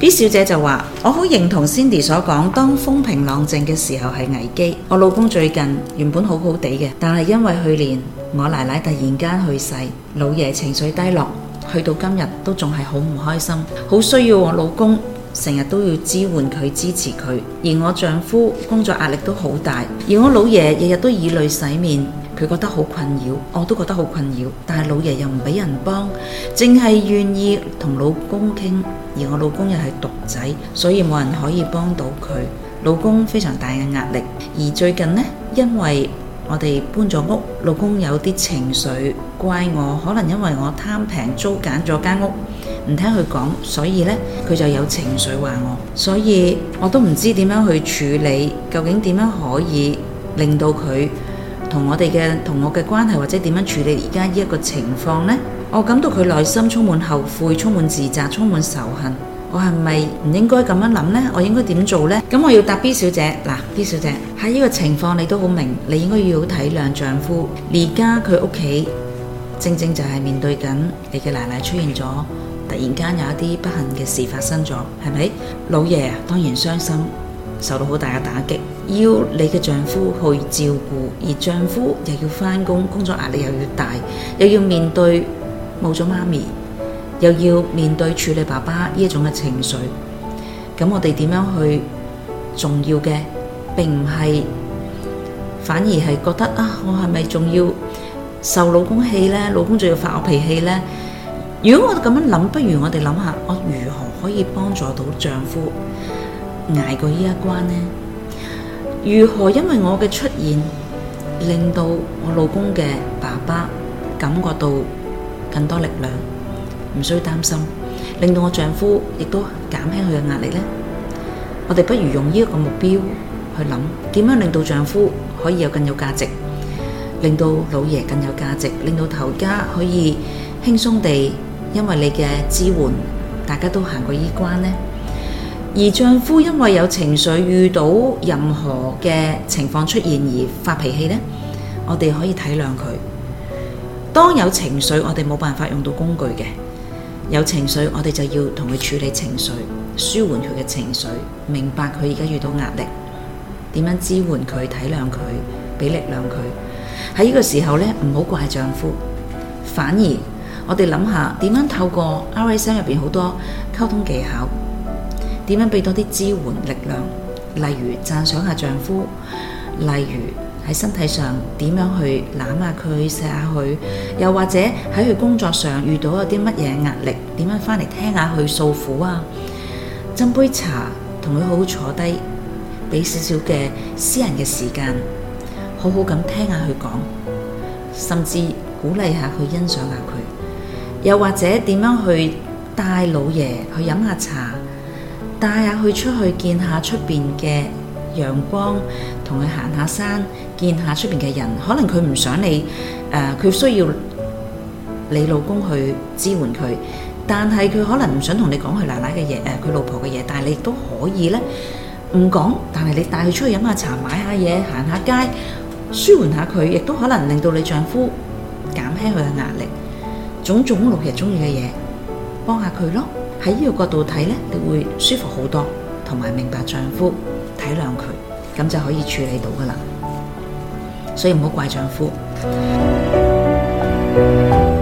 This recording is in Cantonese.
B 小姐就話：我好認同 Cindy 所講，當風平浪靜嘅時候係危機。我老公最近原本好好地嘅，但係因為去年我奶奶突然間去世，老爺情緒低落，去到今日都仲係好唔開心，好需要我老公成日都要支援佢、支持佢。而我丈夫工作壓力都好大，而我老爺日日都以淚洗面。佢覺得好困擾，我都覺得好困擾。但係老爺又唔俾人幫，淨係願意同老公傾。而我老公又係獨仔，所以冇人可以幫到佢。老公非常大嘅壓力。而最近呢，因為我哋搬咗屋，老公有啲情緒怪我，可能因為我貪平租揀咗間屋，唔聽佢講，所以呢，佢就有情緒話我。所以我都唔知點樣去處理，究竟點樣可以令到佢同我哋嘅同我嘅關係或者點樣處理而家呢一個情況呢？我感到佢內心充滿後悔、充滿自責、充滿仇恨。我係咪唔應該咁樣諗呢？我應該點做呢？咁我要答 B 小姐嗱，B 小姐喺呢個情況你都好明，你應該要體諒丈夫。而家佢屋企正正就係面對緊你嘅奶奶出現咗，突然間有一啲不幸嘅事發生咗，係咪？老爺當然傷心。受到好大嘅打擊，要你嘅丈夫去照顧，而丈夫又要返工，工作壓力又越大，又要面對冇咗媽咪，又要面對處理爸爸呢一種嘅情緒。咁我哋點樣去重要嘅？並唔係，反而係覺得啊，我係咪仲要受老公氣呢？老公仲要發我脾氣呢？如果我咁樣諗，不如我哋諗下，我如何可以幫助到丈夫？捱過呢一關呢？如何因為我嘅出現，令到我老公嘅爸爸感覺到更多力量，唔需要擔心，令到我丈夫亦都減輕佢嘅壓力呢？我哋不如用呢一個目標去諗，點樣令到丈夫可以有更有價值，令到老爺更有價值，令到頭家可以輕鬆地，因為你嘅支援，大家都行過呢關呢？而丈夫因為有情緒，遇到任何嘅情況出現而發脾氣呢，我哋可以體諒佢。當有情緒，我哋冇辦法用到工具嘅，有情緒，我哋就要同佢處理情緒，舒緩佢嘅情緒，明白佢而家遇到壓力，點樣支援佢、體諒佢、俾力量佢。喺呢個時候呢，唔好怪丈夫，反而我哋諗下點樣透過 RSM 入邊好多溝通技巧。點樣俾多啲支援力量？例如讚賞下丈夫，例如喺身體上點樣去攬下佢、錫下佢，又或者喺佢工作上遇到有啲乜嘢壓力，點樣返嚟聽下佢訴苦啊，斟杯茶，同佢好好坐低，俾少少嘅私人嘅時間，好好咁聽下佢講，甚至鼓勵下佢，欣賞下佢，又或者點樣去帶老爺去飲下茶。帶下佢出去見下出邊嘅陽光，同佢行下山，見下出邊嘅人。可能佢唔想你，誒、呃，佢需要你老公去支援佢，但係佢可能唔想同你講佢奶奶嘅嘢，誒、呃，佢老婆嘅嘢。但係你亦都可以咧，唔講，但係你帶佢出去飲下茶，買下嘢，行下街，舒緩下佢，亦都可能令到你丈夫減輕佢嘅壓力，種種六日中意嘅嘢，幫下佢咯。喺呢個角度睇咧，你會舒服好多，同埋明白丈夫體諒佢，咁就可以處理到噶啦。所以唔好怪丈夫。